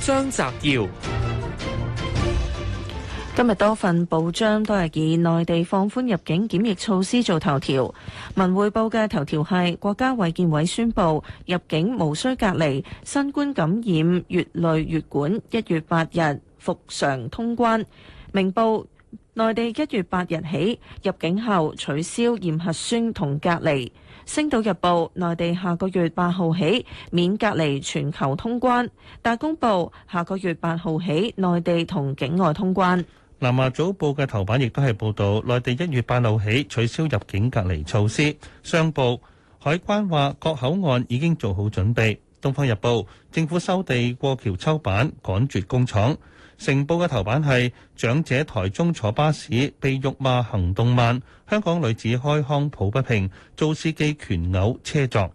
張澤堯，今日多份報章都係以內地放寬入境檢疫措施做頭條。文匯報嘅頭條係國家衛健委宣佈入境無需隔離，新冠感染乙類乙管，一月八日復常通關。明報。內地一月八日起入境後取消驗核酸同隔離。星島日報：內地下個月八號起免隔離全球通關。大公報：下個月八號起內地同境外通關。南華早報嘅頭版亦都係報道內地一月八號起取消入境隔離措施。商報：海關話各口岸已經做好準備。東方日報：政府收地過橋抽板趕絕工廠。成報嘅頭版係長者台中坐巴士被辱罵行動慢，香港女子開腔抱不平，遭司機拳毆車撞。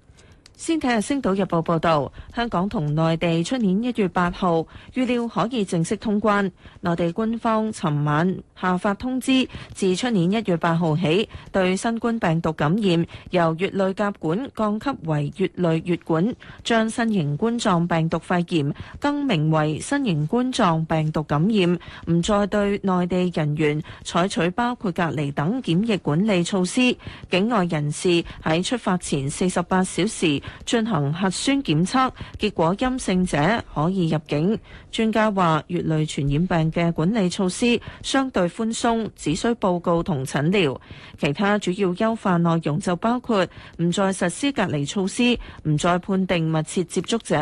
先睇下《星島日報》報導，香港同內地出年一月八號預料可以正式通關。內地官方尋晚下發通知，自出年一月八號起，對新冠病毒感染由乙類甲管降級為乙類乙管，將新型冠狀病毒肺炎更名為新型冠狀病毒感染，唔再對內地人員採取包括隔離等檢疫管理措施。境外人士喺出發前四十八小時，進行核酸檢測，結果陰性者可以入境。專家話，乙類傳染病嘅管理措施相對寬鬆，只需報告同診療。其他主要優化內容就包括，唔再實施隔離措施，唔再判定密切接觸者，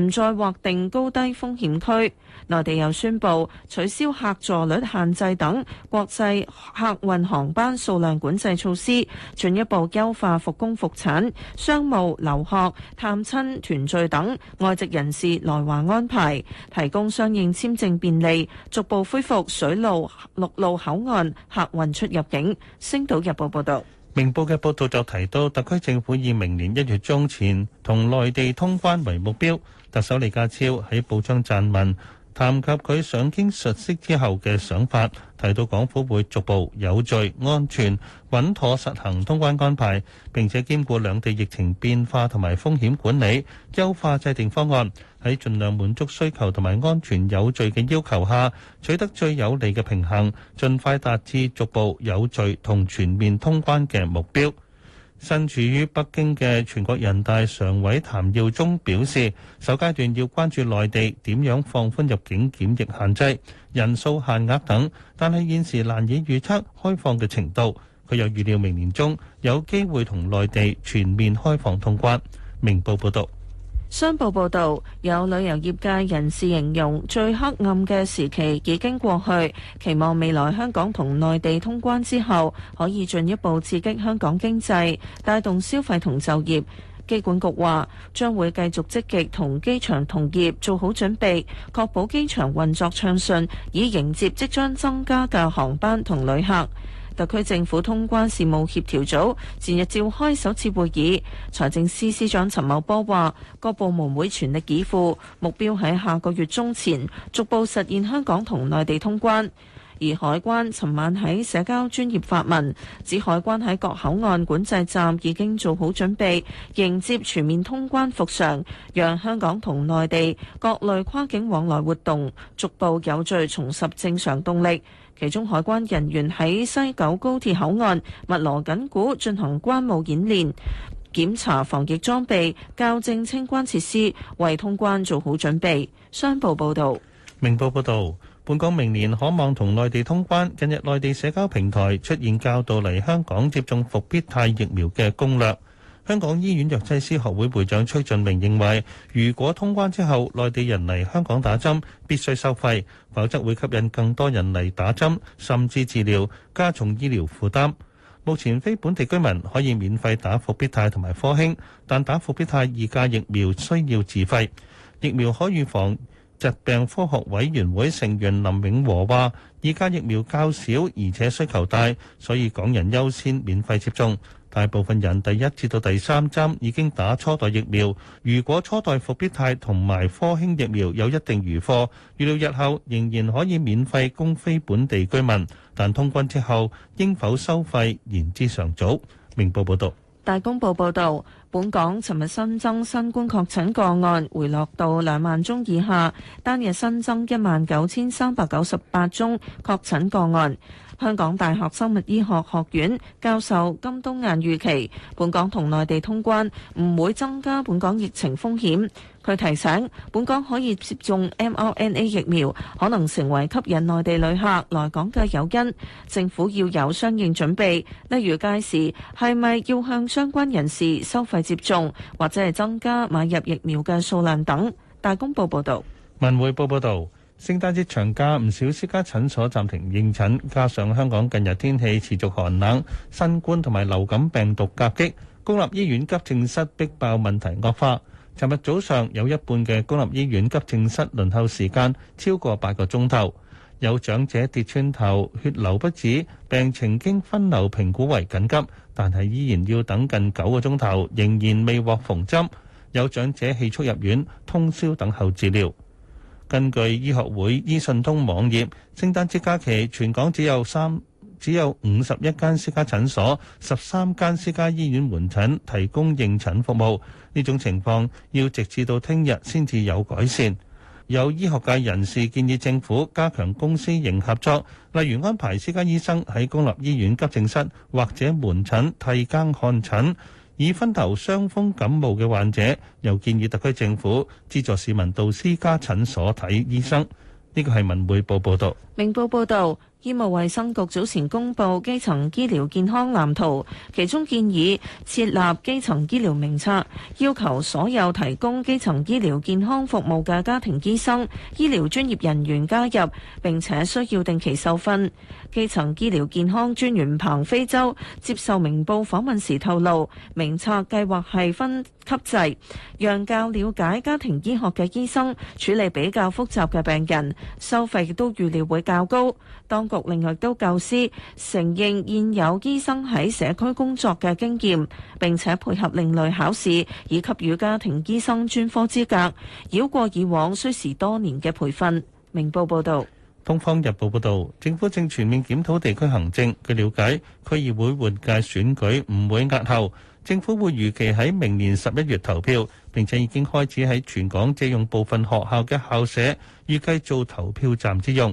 唔再劃定高低風險區。內地又宣佈取消客座率限制等國際客運航班數量管制措施，進一步優化復工復產、商務流。留學、探親、團聚等外籍人士來華安排，提供相應簽證便利，逐步恢復水路、陸路口岸客運出入境。星島日報報道。明報嘅報道就提到，特區政府以明年一月中前同內地通關為目標，特首李家超喺報章撰文。談及佢上京述職之後嘅想法，提到港府會逐步有序、安全、穩妥實行通關安排，並且兼顧兩地疫情變化同埋風險管理，優化制定方案，喺盡量滿足需求同埋安全有序嘅要求下，取得最有利嘅平衡，盡快達至逐步有序同全面通關嘅目標。身處於北京嘅全國人大常委譚耀宗表示，首階段要關注內地點樣放寬入境檢疫限制、人數限額等，但係現時難以預測開放嘅程度。佢又預料明年中有機會同內地全面開放通關。明報報道。商報報導，有旅遊業界人士形容最黑暗嘅時期已經過去，期望未來香港同內地通關之後，可以進一步刺激香港經濟，帶動消費同就業。機管局話將會繼續積極同機場同業做好準備，確保機場運作暢順，以迎接即將增加嘅航班同旅客。特區政府通關事務協調組前日召開首次會議，財政司司，司長陳茂波話，各部門會全力以赴，目標喺下個月中前逐步實現香港同內地通關。而海關尋晚喺社交專業發文，指海關喺各口岸管制站已經做好準備，迎接全面通關復常，讓香港同內地各類跨境往來活動逐步有序重拾正常動力。其中海關人員喺西九高鐵口岸，密鑼緊鼓進行關務演練、檢查防疫裝備、校正清關設施，為通關做好準備。商報報道，明報報道，本港明年可望同內地通關。近日內地社交平台出現較多嚟香港接種復必泰疫苗嘅攻略。香港醫院藥劑師學會會長崔俊明認為，如果通關之後，內地人嚟香港打針必須收費，否則會吸引更多人嚟打針，甚至治療，加重醫療負擔。目前非本地居民可以免費打復必泰同埋科興，但打復必泰二價疫苗需要自費。疫苗可預防疾病科學委員會成員林永和話：二價疫苗較少，而且需求大，所以港人優先免費接種。大部分人第一至到第三針已經打初代疫苗，如果初代復必泰同埋科興疫苗有一定餘貨，預料日後仍然可以免費供非本地居民。但通關之後應否收費言之尚早。明報報道，大公報報道。本港尋日新增新冠確診個案回落到兩萬宗以下，單日新增一萬九千三百九十八宗確診個案。香港大學生物醫學學院教授金冬雁預期，本港同內地通關唔會增加本港疫情風險。佢提醒，本港可以接種 mRNA 疫苗，可能成為吸引內地旅客來港嘅誘因。政府要有相應準備，例如屆時係咪要向相關人士收費？接種或者係增加買入疫苗嘅數量等。大公報報道，文匯報報道，聖誕節長假唔少私家診所暫停應診，加上香港近日天氣持續寒冷，新冠同埋流感病毒夾擊，公立醫院急症室逼爆問題惡化。尋日早上有一半嘅公立醫院急症室輪候時間超過八個鐘頭。有長者跌穿頭，血流不止，病情經分流評估為緊急，但係依然要等近九個鐘頭，仍然未獲縫針。有長者氣促入院，通宵等候治療。根據醫學會醫訊通網頁，聖誕節假期全港只有三只有五十一間私家診所、十三間私家醫院門診提供應診服務。呢種情況要直至到聽日先至有改善。有醫學界人士建議政府加強公私營合作，例如安排私家醫生喺公立醫院急症室或者門診替更看診，以分頭傷風感冒嘅患者。又建議特區政府資助市民到私家診所睇醫生。呢個係文匯報報導，明報報導。醫務衛生局早前公布基層醫療健康藍圖，其中建議設立基層醫療名冊，要求所有提供基層醫療健康服務嘅家庭醫生、醫療專業人員加入，並且需要定期受訓。基層醫療健康專員彭飛洲接受明報訪問時透露，名冊計劃係分級制，讓較了解家庭醫學嘅醫生處理比較複雜嘅病人，收費亦都預料會較高。當局另外都教師承認現有醫生喺社區工作嘅經驗，並且配合另類考試以給予家庭醫生專科資格，繞過以往需時多年嘅培訓。明報報道，東方日報報道，政府正全面檢討地區行政，據了解，區議會換屆選舉唔會押後，政府會預期喺明年十一月投票，並且已經開始喺全港借用部分學校嘅校舍，預計做投票站之用。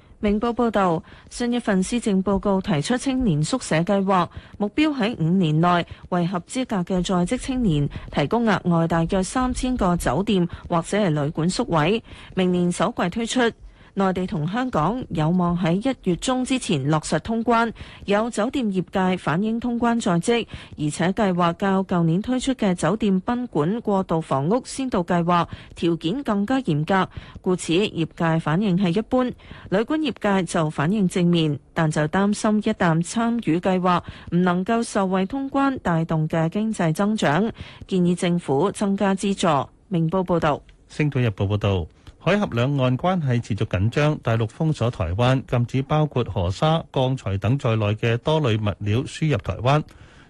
明報報導，新一份施政報告提出青年宿舍計劃，目標喺五年內為合資格嘅在職青年提供額外大約三千個酒店或者係旅館宿位，明年首季推出。內地同香港有望喺一月中之前落實通關，有酒店業界反映通關在即，而且計劃較舊年推出嘅酒店賓館過渡房屋先導計劃，條件更加嚴格，故此業界反應係一般。旅館業界就反應正面，但就擔心一旦參與計劃，唔能夠受惠通關帶動嘅經濟增長，建議政府增加資助。明報報道。《星島日報》報道。海峽兩岸關係持續緊張，大陸封鎖台灣，禁止包括河沙、鋼材等在內嘅多類物料輸入台灣。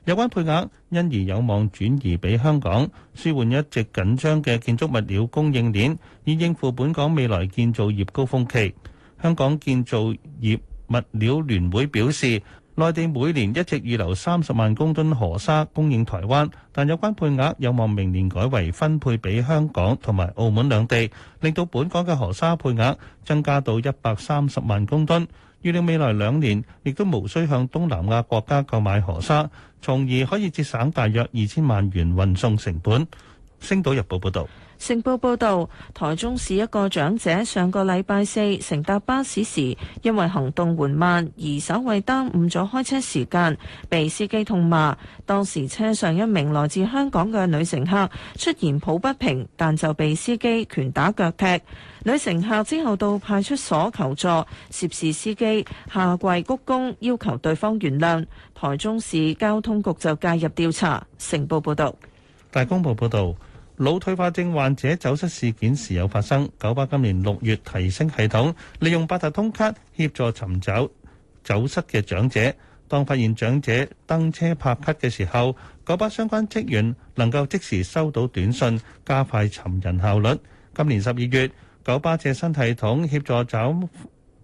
有關配額因而有望轉移畀香港，舒緩一直緊張嘅建築物料供應鏈，以應付本港未來建造業高峰期。香港建造業物料聯會表示：內地每年一直預留三十萬公噸河沙供應台灣，但有關配額有望明年改為分配俾香港同埋澳門兩地，令到本港嘅河沙配額增加到一百三十萬公噸。預料未來兩年亦都無需向東南亞國家購買河沙，從而可以節省大約二千萬元運送成本。《星島日報》報道。成報報道，台中市一個長者上個禮拜四乘搭巴士時，因為行動緩慢而稍微耽誤咗開車時間，被司機痛罵。當時車上一名來自香港嘅女乘客出言抱不平，但就被司機拳打腳踢。女乘客之後到派出所求助，涉事司機下跪鞠躬要求對方原諒。台中市交通局就介入調查。成報報道。《大公報》報道。老退化症患者走失事件時有發生，九巴今年六月提升系統，利用八達通卡協助尋找走、走失嘅長者。當發現長者登車拍卡嘅時候，九巴相關職員能夠即時收到短信，加快尋人效率。今年十二月，九巴借新系統協助找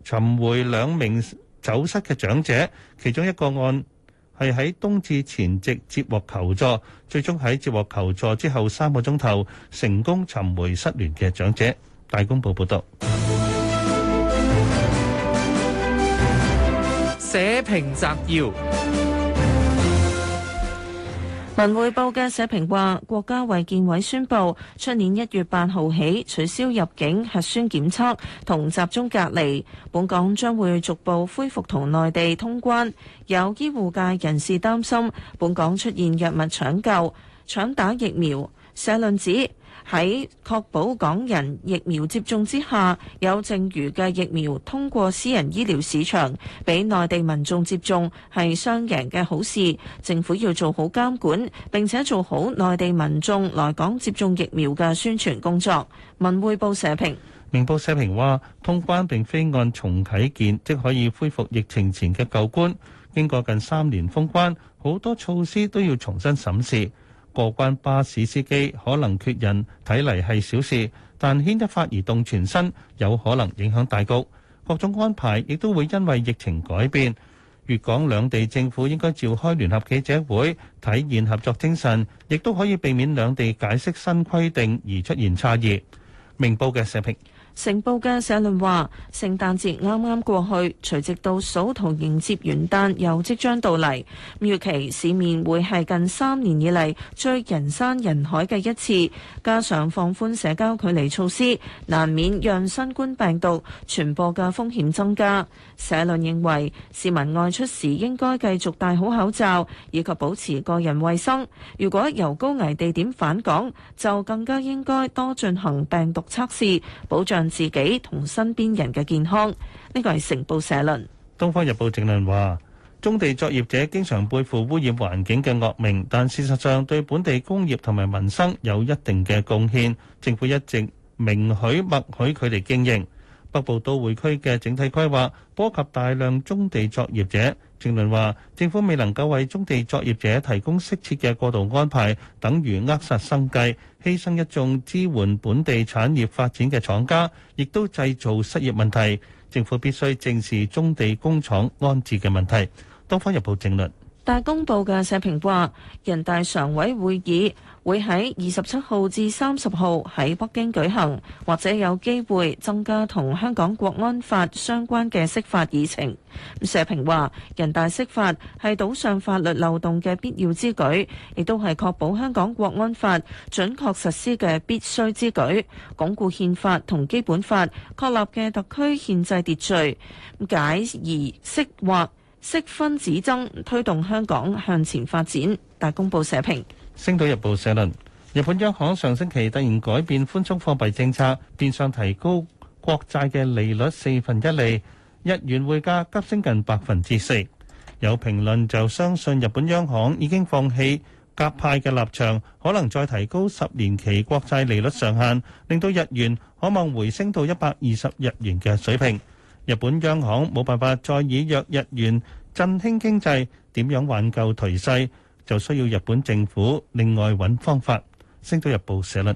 尋回兩名走失嘅長者，其中一個案。係喺冬至前夕接獲求助，最終喺接獲求助之後三個鐘頭成功尋回失聯嘅長者。大公報報道。社評摘要。文匯報嘅社評話，國家衛健委宣布，出年一月八號起取消入境核酸檢測同集中隔離，本港將會逐步恢復同內地通關。有醫護界人士擔心，本港出現藥物搶救、搶打疫苗。社論指喺確保港人疫苗接種之下，有剩餘嘅疫苗通過私人醫療市場俾內地民眾接種係雙贏嘅好事。政府要做好監管，並且做好內地民眾來港接種疫苗嘅宣傳工作。文匯報社評。明報社評話，通關並非按重啟鍵即可以恢復疫情前嘅舊觀。經過近三年封關，好多措施都要重新審視。過關巴士司機可能缺人，睇嚟係小事，但牽一髮而動全身，有可能影響大局。各種安排亦都會因為疫情改變。粵港兩地政府應該召開聯合記者會，體現合作精神，亦都可以避免兩地解釋新規定而出現差異。明報嘅社評。成報嘅社論話：聖誕節啱啱過去，隨即到數同迎接元旦又即將到嚟。預期市面會係近三年以嚟最人山人海嘅一次，加上放寬社交距離措施，難免讓新冠病毒傳播嘅風險增加。社論認為市民外出時應該繼續戴好口罩，以及保持個人衛生。如果由高危地點返港，就更加應該多進行病毒測試，保障，自己同身邊人嘅健康，呢個係成報社論。《東方日報》正論話：中地作業者經常背負污染環境嘅惡名，但事實上對本地工業同埋民生有一定嘅貢獻。政府一直明許默許佢哋經營。北部都會區嘅整體規劃波及大量中地作業者。政論話，政府未能夠為棕地作業者提供適切嘅過渡安排，等於扼殺生計，犧牲一眾支援本地產業發展嘅廠家，亦都製造失業問題。政府必須正視棕地工廠安置嘅問題。東方日報正論。大公報嘅社評話人大常委會議會喺二十七號至三十號喺北京舉行，或者有機會增加同香港國安法相關嘅釋法議程。社評話人大釋法係堵上法律漏洞嘅必要之舉，亦都係確保香港國安法準確實施嘅必須之舉，鞏固憲法同基本法確立嘅特區憲制秩序，解疑釋惑。息紛止爭，推動香港向前發展。大公報社評，《星島日報》社論：日本央行上星期突然改變寬鬆貨幣政策，變相提高國債嘅利率四分一厘，日元匯價急升近百分之四。有評論就相信日本央行已經放棄鴿派嘅立場，可能再提高十年期國債利率上限，令到日元可望回升到一百二十日元嘅水平。日本央行冇辦法再以弱日元振興經濟，點樣挽救頹勢就需要日本政府另外揾方法。星島日報社論。